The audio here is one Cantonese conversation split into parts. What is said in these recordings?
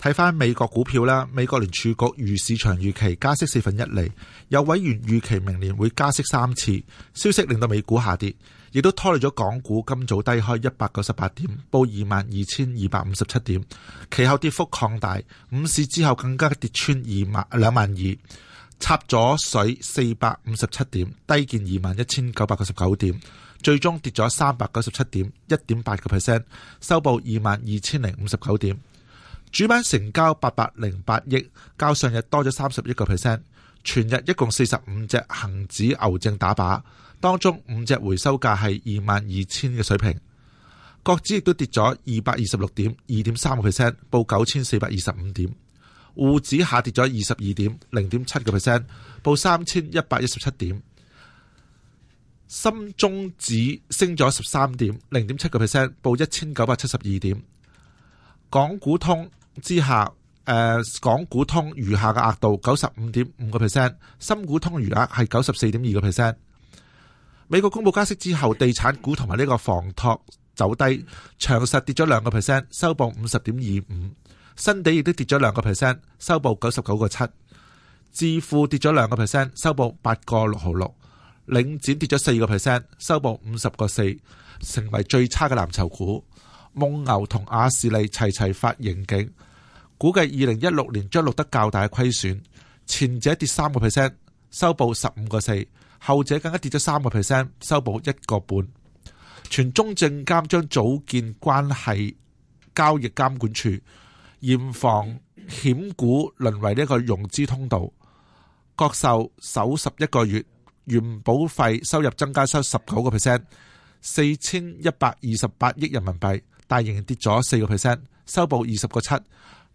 睇翻美國股票啦，美國聯儲局如市場預期加息四分一厘，有委員預期明年會加息三次。消息令到美股下跌，亦都拖累咗港股。今早低開一百九十八點，報二萬二千二百五十七點，其後跌幅擴大，午市之後更加跌穿二萬兩萬二，插咗水四百五十七點，低見二萬一千九百九十九點，最終跌咗三百九十七點，一點八個 percent，收報二萬二千零五十九點。主板成交八百零八億，較上日多咗三十一個 percent。全日一共四十五隻恒指牛證打靶，當中五隻回收價係二萬二千嘅水平。國指亦都跌咗二百二十六點，二點三個 percent，報九千四百二十五點。滬指下跌咗二十二點，零點七個 percent，報三千一百一十七點。深中指升咗十三點，零點七個 percent，報一千九百七十二點。港股通。之下，誒、呃，港股通餘下嘅額度九十五點五個 percent，深股通餘額係九十四點二個 percent。美國公布加息之後，地產股同埋呢個房託走低，長實跌咗兩個 percent，收報五十點二五；新地亦都跌咗兩個 percent，收報九十九個七；置富跌咗兩個 percent，收報八個六毫六；領展跌咗四個 percent，收報五十個四，成為最差嘅藍籌股。蒙牛同雅士利齊齊發盈警，估計二零一六年將錄得較大嘅虧損。前者跌三個 percent，收報十五個四；後者更加跌咗三個 percent，收報一個半。全中證監將組建關係交易監管處，嚴防險股淪為呢一個融資通道。國壽首十一個月，原保費收入增加收十九個 percent，四千一百二十八億人民幣。大型跌咗四個 percent，收報二十個七。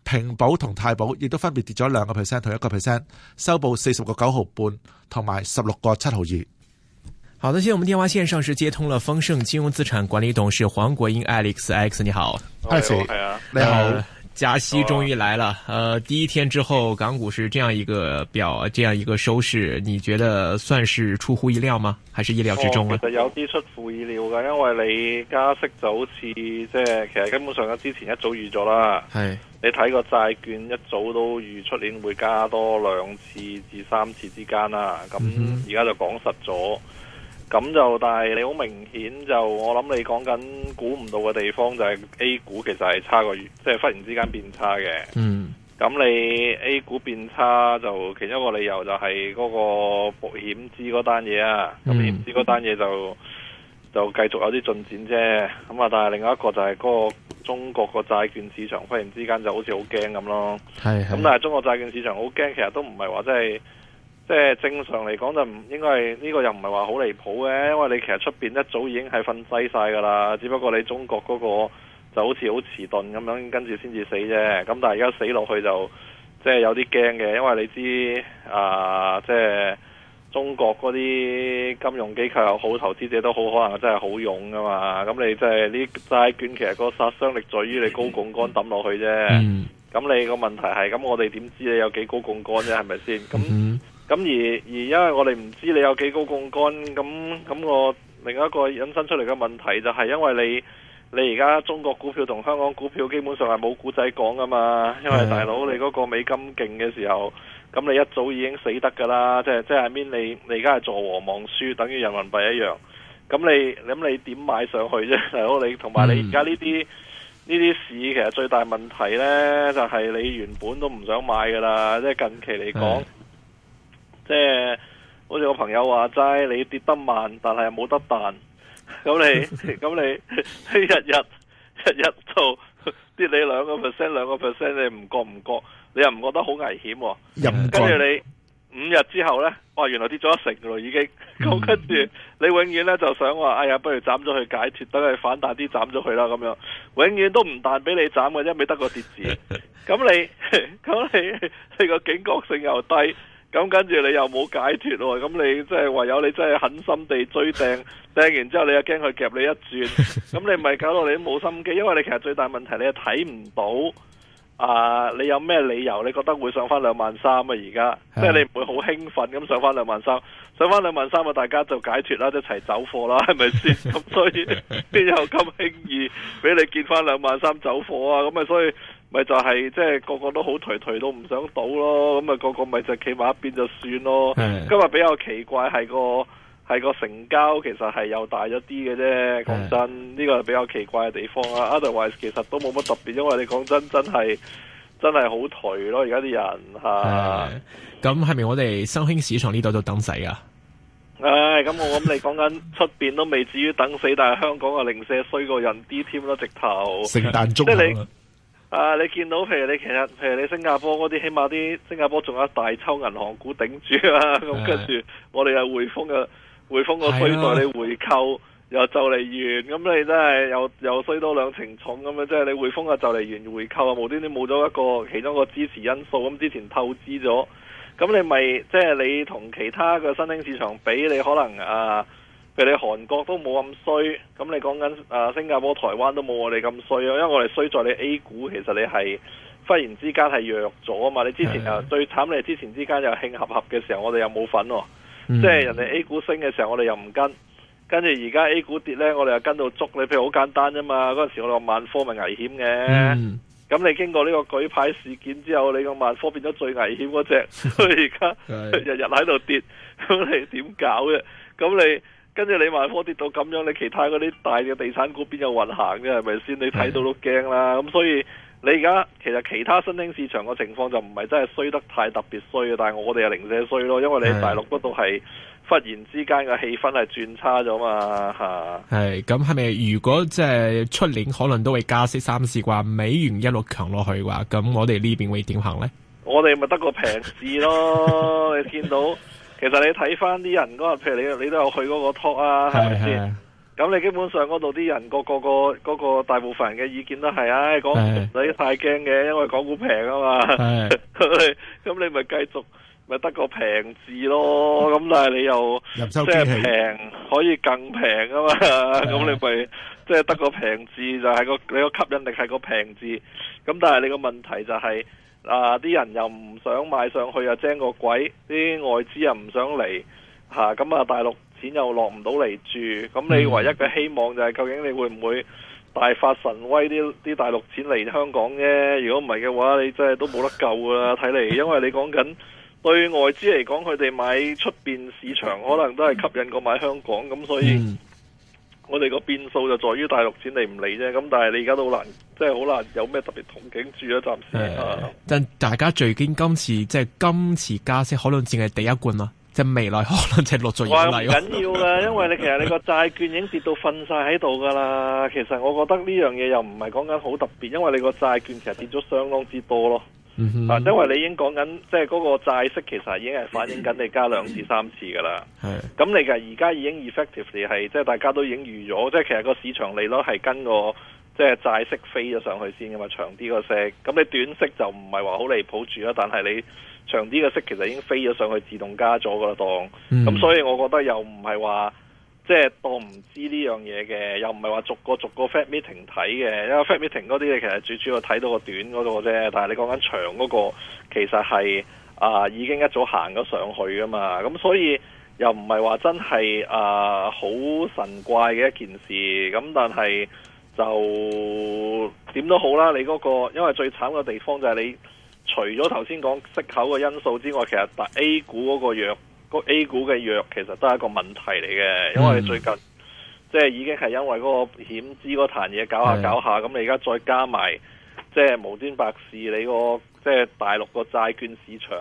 平保同太保亦都分別跌咗兩個 percent 同一個 percent，收報四十個九毫半同埋十六個七毫二。好的，現在我們電話線上是接通了豐盛金融資產管理董事黃國英 Alex X，你好，Alex，、係啊、你好。Uh, 加息終於來了，呃，第一天之後，港股是這樣一個表，這樣一個收市，你覺得算是出乎意料嗎？還是意料之中啊、哦？其實有啲出乎意料噶，因為你加息就好似即係，其實根本上之前一早預咗啦，係是你睇個債券一早都預出年會加多兩次至三次之間啦，咁而家就講實咗。咁就，但係你好明顯就，我諗你講緊估唔到嘅地方就係 A 股其實係差過，即係忽然之間變差嘅。嗯。咁你 A 股變差就其中一個理由就係嗰個保險資嗰單嘢啊，咁、嗯、保險資嗰單嘢就就繼續有啲進展啫。咁啊，但係另一個就係嗰個中國個債券市場忽然之間就好似好驚咁咯。係是。咁但係中國債券市場好驚，其實都唔係話真係。即係正常嚟講就唔應該係呢、這個又唔係話好離譜嘅，因為你其實出邊一早已經係瞓低晒噶啦只不過你中國嗰個就好似好遲鈍咁樣，跟住先至死啫。咁但係而家死落去就即係有啲驚嘅，因為你知啊、呃，即係中國嗰啲金融機構又好，投資者都好，可能真係好勇噶嘛。咁你即係呢啲債券其實個殺傷力在於你高槓桿抌落去啫。咁、嗯嗯、你個問題係咁，我哋點知你有幾高槓桿啫？係咪先？咁、嗯嗯咁而而，而因為我哋唔知你有幾高槓桿，咁咁我另一個引申出嚟嘅問題就係，因為你你而家中國股票同香港股票基本上係冇故仔講噶嘛，因為大佬、嗯、你嗰個美金勁嘅時候，咁你一早已經死得噶啦，即係即係邊你你而家係坐和望輸，等於人民幣一樣，咁你諗你點買上去啫？大 佬你同埋你而家呢啲呢啲市，其實最大問題呢就係、是、你原本都唔想買噶啦，即係近期嚟講。嗯嗯即係好似我朋友話齋，你跌得慢，但係又冇得彈，咁你咁你，你日日日日做跌你兩個 percent，兩個 percent，你唔覺唔覺，你又唔覺得好危險，哦，跟住光你五日之後呢，哇原來跌咗一成咯，已經咁。跟住你永遠呢就想話，哎呀不如斬咗佢解脫，等佢反彈啲斬咗佢啦，咁樣，永遠都唔彈俾你斬嘅，一味得個跌字，咁 你咁你你個警覺性又低。咁跟住你又冇解脫喎，哦，咁你即係唯有你真係狠心地追掟，掟完之後你又驚佢夾你一轉，咁 你唔係搞到你都冇心機，因為你其實最大問題你係睇唔到啊，呃，你有咩理由你覺得會上翻兩萬三啊？而家 即係你唔會好興奮咁上翻兩萬三，上翻兩萬三啊！大家就解脫啦，一齊走貨啦，係咪先？咁所以邊有咁輕易俾你見翻兩萬三走貨啊？咁啊，所以。咪就係即係個個都好頹頹到唔想賭咯，咁咪個個咪就企埋一邊就算咯。的今日比較奇怪係個係個成交其實係又大咗啲嘅啫，講真呢個的比較奇怪嘅地方啊。Otherwise 其實都冇乜特別，因為你哋講真真係真係好頹咯。而家啲人吓，咁係咪我哋新興市場呢度都等死啊？唉，咁我諗你講緊出邊都未至於等死， 但係香港嘅零舍衰過人啲添咯，直頭聖誕鐘即係你。啊！你見到譬如，你其實譬如你新加坡嗰啲起碼啲新加坡仲有一大抽銀行股頂住啊，咁跟住我哋又匯豐嘅匯豐個稅代你回購又就嚟完，咁你真係又又衰多兩層重咁樣，即係你匯豐嘅就嚟完回購啊，無端端冇咗一個其中一個支持因素，咁之前透支咗，咁你咪即係你同其他嘅新興市場比，你可能啊。你韓國都冇咁衰，咁你講緊啊新加坡、台灣都冇我哋咁衰啊，因為我哋衰在你 A 股，其實你係忽然之間係弱咗啊嘛。你之前啊的最慘，你之前之間又興合合嘅時候，我哋又冇份喎。嗯、即係人哋 A 股升嘅時候，我哋又唔跟，跟住而家 A 股跌呢，我哋又跟到足你譬如好簡單啫嘛，嗰陣時我話萬科咪危險嘅，咁、嗯、你經過呢個舉牌事件之後，你個萬科變咗最危險嗰隻，所以而家日日喺度跌，咁你點搞嘅？咁你跟住你萬科跌到咁樣，你其他嗰啲大嘅地產股邊有運行嘅？係咪先？你睇到都驚啦。咁是的、嗯、所以你而家其實其他新興市場個情況就唔係真係衰得太特別衰嘅，但係我哋係零舍衰咯，因為你大陸嗰度係忽然之間嘅氣氛係轉差咗嘛。係。係，咁係咪如果即係出年可能都會加息三次啩？美元一路強落去嘅話，咁我哋呢邊會點行呢？我哋咪得個平字咯，你見到。其實你睇翻啲人嗰日，譬如你你都有去嗰個 talk 啊是的 吧，係咪先？咁你基本上嗰度啲人個個個個大部分人嘅意見都係，唉、哎，港股唔使太驚嘅，因為港股平啊嘛。咁是的 你咪繼續咪得個平字咯？咁、嗯、但係你又即係平可以更平啊嘛？咁 你咪即係得個平字就係、是、個你個吸引力係個平字。咁但係你個問題就係、是。啊！啲人又唔想買上去啊，精個鬼！啲外資又唔想嚟嚇，咁啊大陸錢又落唔到嚟住，咁你唯一嘅希望就係究竟你會唔會大發神威啲啲大陸錢嚟香港啫？如果唔係嘅話，你真係都冇得救㗎喇！睇嚟，因為你講緊對外資嚟講，佢哋買出面市場可能都係吸引過買香港，咁所以，嗯我哋個變數就在於大陸錢嚟唔嚟啫，咁但係你而家都好難，即係好難有咩特別憧憬住咧，暫時但、哎啊、大家最驚今次即係今次加息，可能淨係第一罐啦，即係未來可能即係落最。我話唔緊要噶， 因為你其實你個債券已經跌到瞓晒喺度噶啦。其實我覺得呢樣嘢又唔係講緊好特別，因為你個債券其實跌咗相當之多咯。Mm hmm. 因為你已經講緊，即係嗰個債息其實已經係反映緊你加兩次、三次噶啦。咁、mm hmm. 你而家已經 effectively 係，即、就、係、是、大家都已經預咗，即、就、係、是、其實個市場利率係跟個即係債息飛咗上去先噶嘛，長啲個息。咁你短息就唔係話好離譜住啦，但係你長啲個息其實已經飛咗上去，自動加咗噶啦當。咁、mm hmm. 所以我覺得又唔係話。即係當唔知呢樣嘢嘅，又唔係話逐個逐個 fat meeting 睇嘅，因為 fat meeting 嗰啲嘢其實最主要睇到個短嗰度嘅啫。但係你講緊長嗰個，其實係啊、呃、已經一早行咗上去噶嘛。咁所以又唔係話真係啊好神怪嘅一件事。咁但係就點都好啦。你嗰個，因為最慘嘅地方就係你除咗頭先講息口嘅因素之外，其實但 A 股嗰個弱。A 股嘅弱其實都係一個問題嚟嘅，嗯、因為最近即係已經係因為嗰個險資嗰壇嘢搞下搞下，咁你而家再加埋即係無端白事，你個即係大陸個債券市場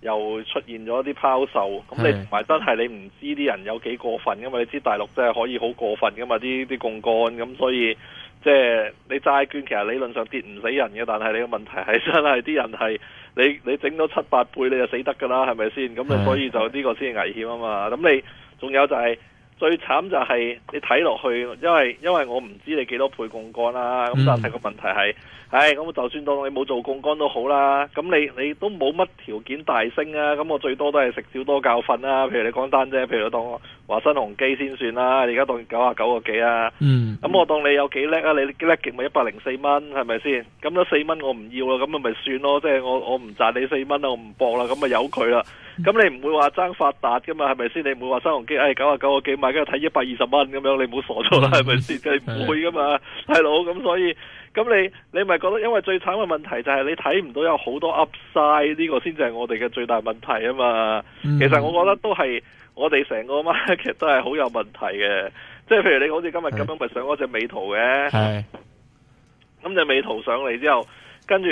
又出現咗啲拋售，咁的你同埋真係你唔知啲人有幾過分，因為你知大陸真係可以好過分噶嘛？啲啲槓杆咁，所以即係你債券其實理論上跌唔死人嘅，但係你個問題係真係啲人係。你你整到七八倍你就死得噶啦，係咪先？咁你所以就呢 個先係危險啊嘛。咁你仲有就係、是。最慘就係你睇落去，因為因為我唔知你幾多倍槓桿啦，咁但係個問題係，唉、嗯，咁、哎、就算當你冇做槓桿都好啦，咁你你都冇乜條件大升啊，咁我最多都係食少多教訓啦、啊。譬如你講單啫，譬如我當話新鴻基先算啦、啊，而家當九十九個幾啊，咁、嗯、我當你有幾叻啊？你幾叻勁咪一百零四蚊係咪先？咁多四蚊我唔要啦，咁咪咪算咯，即、就、係、是、我我唔賺你四蚊啦，我唔博啦，咁咪由佢啦。咁 你唔會話爭發達噶嘛？係咪先？你唔會話收紅機？誒、哎，九啊九啊幾買，跟住睇一百二十蚊咁樣，你唔好傻咗啦，係咪先？即係唔會噶嘛，係咯， 咁所以，咁你你咪覺得，因為最慘嘅問題就係你睇唔到有好多 upside 呢個，先至係我哋嘅最大問題啊嘛。 其實我覺得都係我哋成個 market 都係好有問題嘅，即係譬如你好似今日咁樣咪上嗰隻美圖嘅，係的，咁隻的美圖上嚟之後，跟住。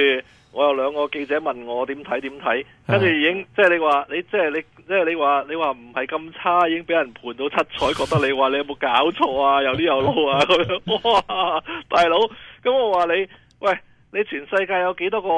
我有兩個記者問我點睇點睇，跟住已經即係你話你即係你即係你話你話唔係咁差，已經俾人盤到七彩， 覺得你話你有冇搞錯啊？有啲有腦啊咁樣！哇，大佬，咁我話你，喂，你全世界有幾多個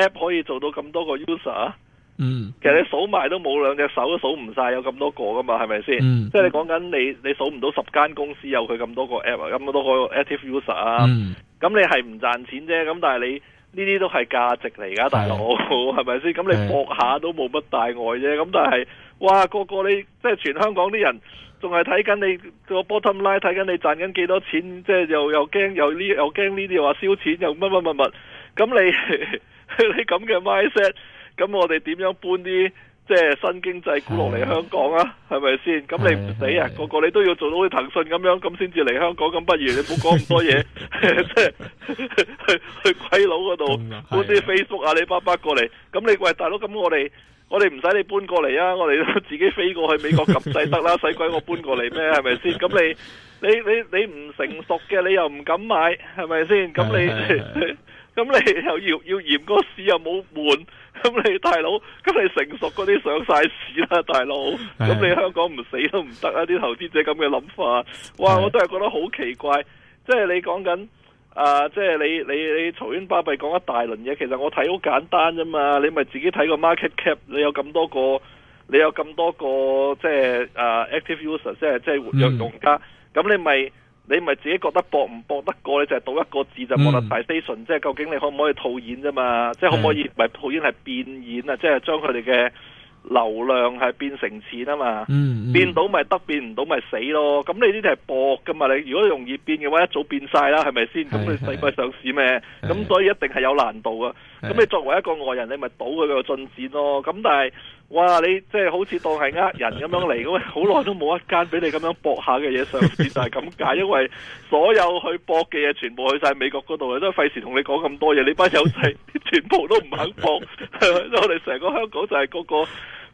app 可以做到咁多個 user 啊？嗯，其實你數埋都冇兩隻手都數唔晒有咁多個噶嘛，係咪先？嗯、即係你講緊你，你數唔到十間公司有佢咁多個 app，啊，咁多個 active user 啊？嗯、咁、嗯、你係唔賺錢啫，咁但係你。呢啲都係價值嚟㗎，大佬，係咪先？咁你搏下都冇乜大礙啫。咁但係，哇，個個你即係全香港啲人仲係睇緊你個 bottom line，睇緊你賺緊幾多錢，即係又又驚又呢，又驚呢啲話燒錢又乜乜乜乜。咁你 你咁嘅 mindset，咁我哋點樣搬啲？即係新經濟鼓落嚟香港啊，係咪先？咁你唔死啊？個個你都要做到好似騰訊咁樣，咁先至嚟香港。咁不如你唔好講咁多嘢，即係 去去鬼佬嗰度的搬啲 Facebook、啊、阿里巴巴過嚟。咁你喂大佬，咁我哋我哋唔使你搬過嚟啊！我哋都自己飛過去美國撳制得啦，使 鬼我搬過嚟咩？係咪先？咁你你你你唔成熟嘅，你又唔敢買，係咪先？咁你咁你又要又要嫌 個市又冇換。咁你大佬，咁你成熟嗰啲上晒市啦，大佬。咁你香港唔死都唔得啊，啲投資者咁嘅諗法。哇，我都係覺得好奇怪。即係你講緊，誒、呃，即係你你你嘈冤巴閉講一大輪嘢，其實我睇好簡單啫嘛。你咪自己睇個 market cap，你有咁多個，你有咁多個，即係誒、呃、active users，即係即係活躍用家。咁、嗯、你咪。你咪自己覺得博唔博得過你就係賭一個字就冇得大 station 即係究竟你可唔可以套現啫嘛？是即係可唔可以唔係套現係變現啊？即係將佢哋嘅流量係變成錢啊嘛！嗯嗯、變到咪得，變唔到咪死咯！咁你呢啲係博噶嘛？你如果容易變嘅話，一早變晒啦，係咪先？咁是你使鬼上市咩？咁是所以一定係有難度啊！咁你作為一個外人，你咪賭佢嘅進展咯。咁但係，哇！你即係好似當係呃人咁樣嚟，咁好耐都冇一間俾你咁樣博下嘅嘢上市就係咁解。因為所有去博嘅嘢全部去晒美國嗰度，都費事同你講咁多嘢。你班友仔全部都唔肯博，我哋成個香港就係個個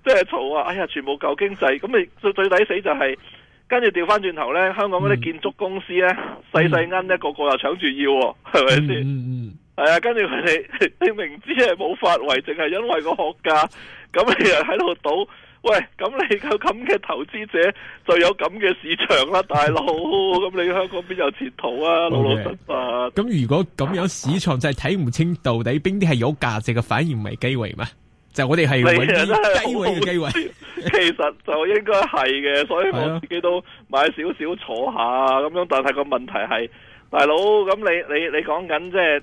即係嘈啊！哎呀，全部救經濟。咁你最抵死就係、是，跟住調翻轉頭呢，香港嗰啲建築公司呢，細細奀呢，個個又搶住要，係咪先？嗯嗯嗯係啊，跟住佢哋，你明知係冇發圍，淨係因為個學價，咁你又喺度賭？喂，咁你有咁嘅投資者就有咁嘅市場啦，大佬。咁你香港邊有前途啊？老 Okay. 老實實。咁如果咁樣有市場就係睇唔清到底邊啲係有價值嘅，反而唔係機會嘛。就係，我哋係搵啲機會，機會。 其實就應該係嘅，所以我自己都買少少坐下咁樣。但係個問題係，大佬咁你你你講緊即係。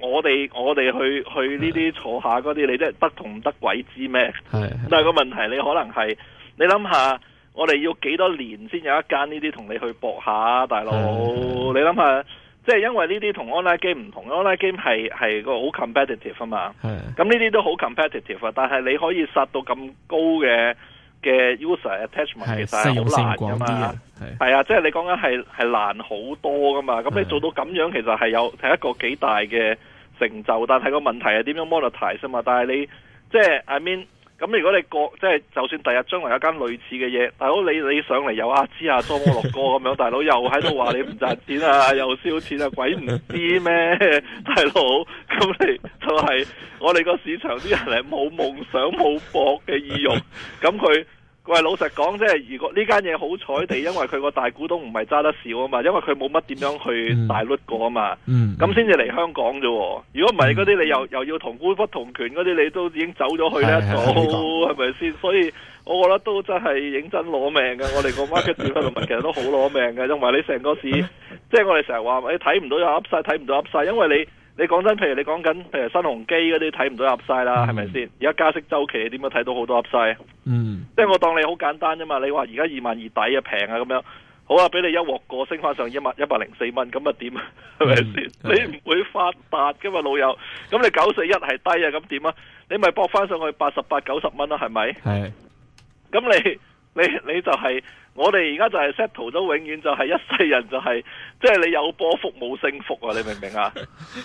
我哋我哋去去呢啲坐下嗰啲，Yeah. 你真係得同唔得鬼知咩？係，Yeah. 但係個問題你可能係你諗下，我哋要幾多年先有一間呢啲同你去搏下，大佬？Yeah. 你諗下，即係因為呢啲同 online game 唔同，online game 係係個好 competitive 啊嘛。係，咁呢啲都好 competitive 啊，但係你可以殺到咁高嘅。嘅 user attachment 其實係好難噶嘛，係啊，即係、就是、你講緊係係難好多噶嘛，咁你做到咁樣其實係有係一個幾大嘅成就，但係個問題係點樣 monetize 啊嘛？但係你即係 I mean，咁如果你過即係就算第日將來有間類似嘅嘢，大佬你你上嚟有阿芝啊，裝摩六哥咁樣大佬又喺度話你唔賺錢啊， 又燒錢啊，鬼唔知咩？大佬，咁你就係、是、我哋個市場啲人係冇夢想冇搏嘅意欲，咁佢。喂，老實講，即係如果呢間嘢好彩地，因為佢個大股東唔係揸得少啊嘛，因為佢冇乜點樣去大率過啊嘛，咁先至嚟香港啫。如果唔係，嗰啲你又又要同股不同權嗰啲，你都已經走咗去呢一度，係咪先？所以我覺得都真係認真攞命嘅。我哋個 market 做翻物，其實都好攞命嘅。因為你成個市， 即係我哋成日話，你睇唔到又噏晒，睇唔到噏晒，因為你。你講真，譬如你講緊，譬如新鴻基嗰啲睇唔到 upside 啦，係咪先？而家、嗯、加息周期，點樣睇到好多 upside？嗯，即係我當你好簡單啫嘛。你話而家二萬二抵啊，平啊咁樣，好啊，俾你一鑊過升翻上，上一萬一百零四蚊，咁啊點啊？係咪先？吧你唔會發達噶嘛，老友。咁你九四一係低啊，咁點啊？你咪搏翻上去八十八九十蚊啦，係咪？係是。咁你你你，你就係、是。我哋而家就係 settle 咗，永遠就係一世人就係、是，即、就、係、是、你有波幅冇升幅啊！你明唔明啊？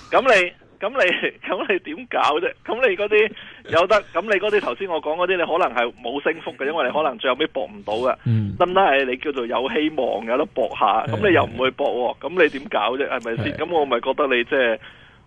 咁 你咁你咁你點搞啫？咁你嗰啲有得，咁你嗰啲頭先我講嗰啲，你可能係冇升幅嘅，因為你可能最後尾搏唔到嘅。得唔得係你叫做有希望有得搏下，咁、嗯、你又唔會搏喎、啊？咁是的 你點搞啫？係咪先？咁是的 我咪覺得你即係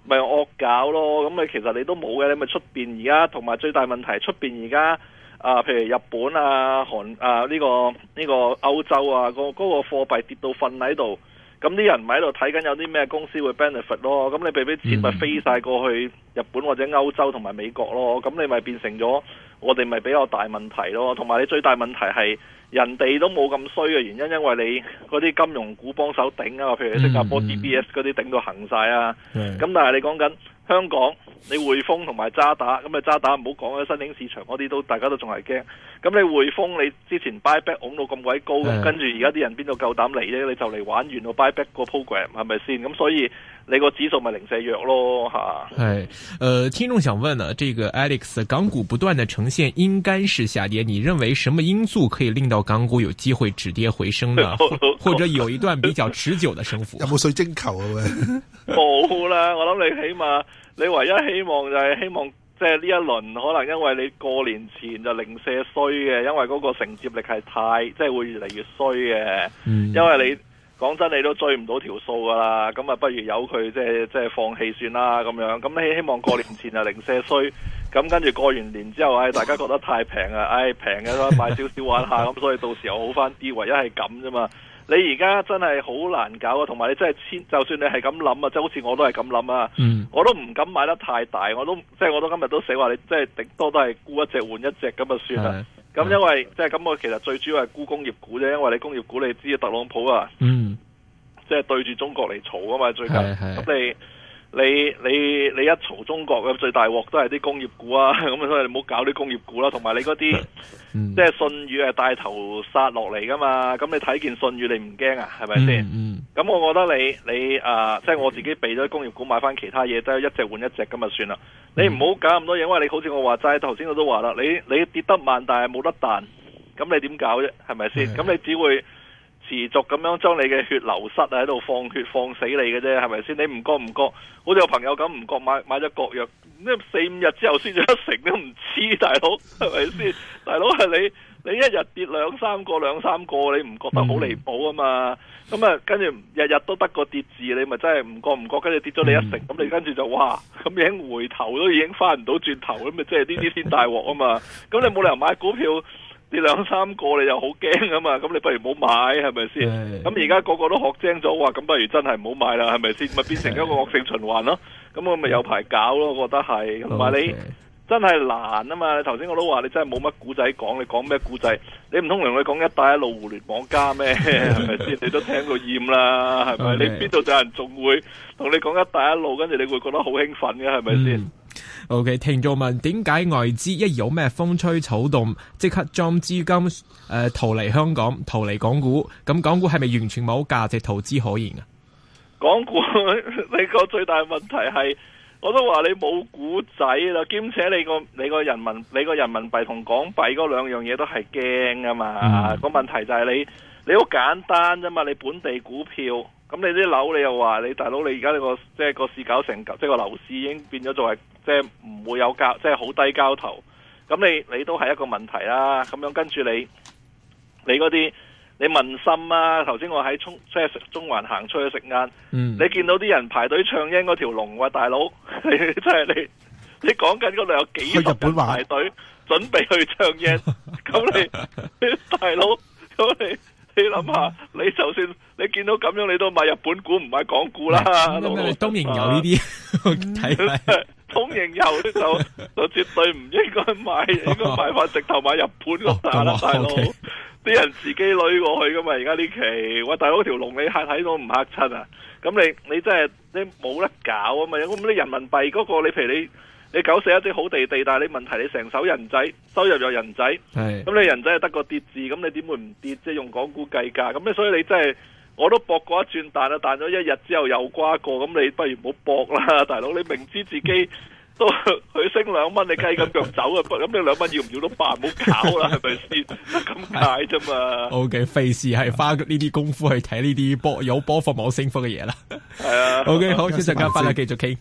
咪惡搞咯？咁你其實你都冇嘅，你咪出邊而家，同埋最大問題出邊而家。啊，譬如日本啊、韓啊呢、呢個呢、呢個歐洲啊，個個貨幣跌到瞓喺度，咁啲人咪喺度睇緊有啲咩公司會 benefit 咯，咁、嗯嗯嗯、你俾啲錢咪飛晒過去日本或者歐洲同埋美國咯，咁你咪變成咗我哋咪比較大問題咯，同埋你最大問題係人哋都冇咁衰嘅原因，因為你嗰啲金融股幫手頂啊，嘛，譬如新加坡 DBS 嗰啲頂到行曬啊，咁、嗯嗯嗯、但係你講緊。香港，你匯豐同埋渣打咁啊，渣打唔好講啊，新興市場嗰啲都大家都仲係驚。咁你匯豐你之前 buy back 㧬到咁鬼高，跟住而家啲人邊度夠膽嚟啫？你就嚟玩完個 buy back 個 program 係咪先？咁所以。你個指數咪零舍弱咯吓？誒、哎，誒、呃，聽眾想問呢、啊，這個 Alex，港股不斷嘅呈現應該是下跌，你認為什麼因素可以令到港股有機會止跌回升呢？ 或者有一段比較持久的升幅？ 有冇水晶球啊？冇 啦，我諗你起碼你唯一希望就係希望即係呢一輪可能因為你過年前就零舍衰嘅，因為嗰個承接力係太，即、就、係、是、會越嚟越衰嘅，嗯、因為你。講真，你都追唔到條數噶啦，咁啊不如由佢即係即係放棄算啦咁樣。咁希希望過年前啊零舍衰。咁跟住過完年之後，唉、哎、大家覺得太平啊，唉平嘅啦，買少少玩下，咁 所以到時又好翻啲，唯一係咁啫嘛。你而家真係好難搞啊，同埋你真係千就算你係咁諗啊，即、就、係、是、好似我、嗯、我都係咁諗啊，我都唔敢買得太大，我都即係、就是、我都今日都死話你，真係頂多都係沽一隻換一隻咁就算啦。咁、嗯、因為即係咁我其實最主要係沽工業股啫，因為你工業股你知特朗普啊，即係、嗯、對住中國嚟炒啊嘛，最近咁你。你你你一嘈中國嘅最大鑊都係啲工業股啊，咁所以你唔好搞啲工業股啦，同埋你嗰啲、 嗯、即係信譽係帶頭殺落嚟噶嘛，咁你睇見信譽你唔驚啊，係咪先？咁、嗯嗯、我覺得你你啊，即係我自己避咗工業股，買翻其他嘢都係一隻換一隻咁就算啦。嗯、你唔好搞咁多嘢，因為你好似我話齋頭先我都話啦，你你跌得慢但係冇得彈，咁你點搞啫？係咪先？咁你只會，嗯嗯持續咁樣將你嘅血流失喺度，放血放死你嘅啫，係咪先？你唔覺唔覺？好似有朋友咁唔覺買買咗國藥，呢四五日之後先至一成都唔知，大佬係咪先？ 大佬係你，你一日跌兩三個兩三個，你唔覺得好離譜啊嘛？咁啊，跟住日日都得個跌字，你咪真係唔覺唔覺，跟住跌咗你一成，咁你跟住就哇，咁已經回頭都已經翻唔到轉頭，咁咪即係呢啲先大鑊啊嘛？咁你冇理由買股票。你兩三個你又好驚啊嘛，咁你不如唔好買，係咪先？咁而家個個都學精咗話，咁不如真係唔好買啦，係咪先？咪變成一個惡性循環咯。咁 Yeah.、嗯、我咪有排搞咯，我覺得係。同埋 Okay. 你，你，你真係難啊嘛。頭先我都話你真係冇乜故仔講，你講咩故仔？你唔通同你講一帶一路互聯網加咩？係咪先？你都聽到厭啦，係咪？Okay. 你邊度有人仲會同你講一帶一路，跟住你會覺得好興奮嘅，係咪先？O.K.，聽眾問點解外資一有咩風吹草動，即刻將資金誒、呃、逃離香港，逃離港股？咁港股係咪完全冇價值投資可言啊？港股你個最大問題係，我都話你冇股仔啦，兼且你個你個人民你個人民幣同港幣嗰兩樣嘢都係驚㗎嘛。嗯、個問題就係你你好簡單啫嘛，你本地股票。咁你啲樓，你又話你大佬，你而家你、那個即係、就是、個市搞成即係、就是、個樓市已經變咗做係即係唔會有交，即係好低交投。咁你你都係一個問題啦。咁樣跟住你，你嗰啲你問心啊。頭先我喺中即係中環行出去食晏，嗯、你見到啲人排隊唱英嗰條龍喎，大佬真係你 你講緊嗰度有幾十人排隊準備去唱英？咁你大佬咁你。 你諗下，你就算你見到咁樣，你都買日本股唔買港股啦。當然有呢啲睇，東瀛遊咧就就絕對唔應該買，應該買翻直頭買日本嗰啦，oh, oh, okay. 大佬。啲人自己女過去噶嘛？而家呢期，喂大佬條龍你吓睇到唔吓親啊？咁你你真係你冇得搞啊嘛？咁啲人民幣嗰、那個，你譬如你。你九死一啲好地地，但係你問題你成手人仔，收入又人仔，咁是、嗯、你人仔係得個跌字，咁你點會唔跌啫？即係用港股計價，咁你所以你真係我都博過一轉彈啦，彈咗一日之後又瓜過，咁、嗯、你不如唔好博啦，大佬你明知自己都佢 升兩蚊，你雞咁腳走啊？咁你兩蚊要唔要都八，唔好 搞啦，係咪先咁解啫嘛 ？OK，費事係花呢啲功夫去睇呢啲波有波幅冇升幅嘅嘢啦。係 啊，OK，好，先陣間翻嚟繼續傾。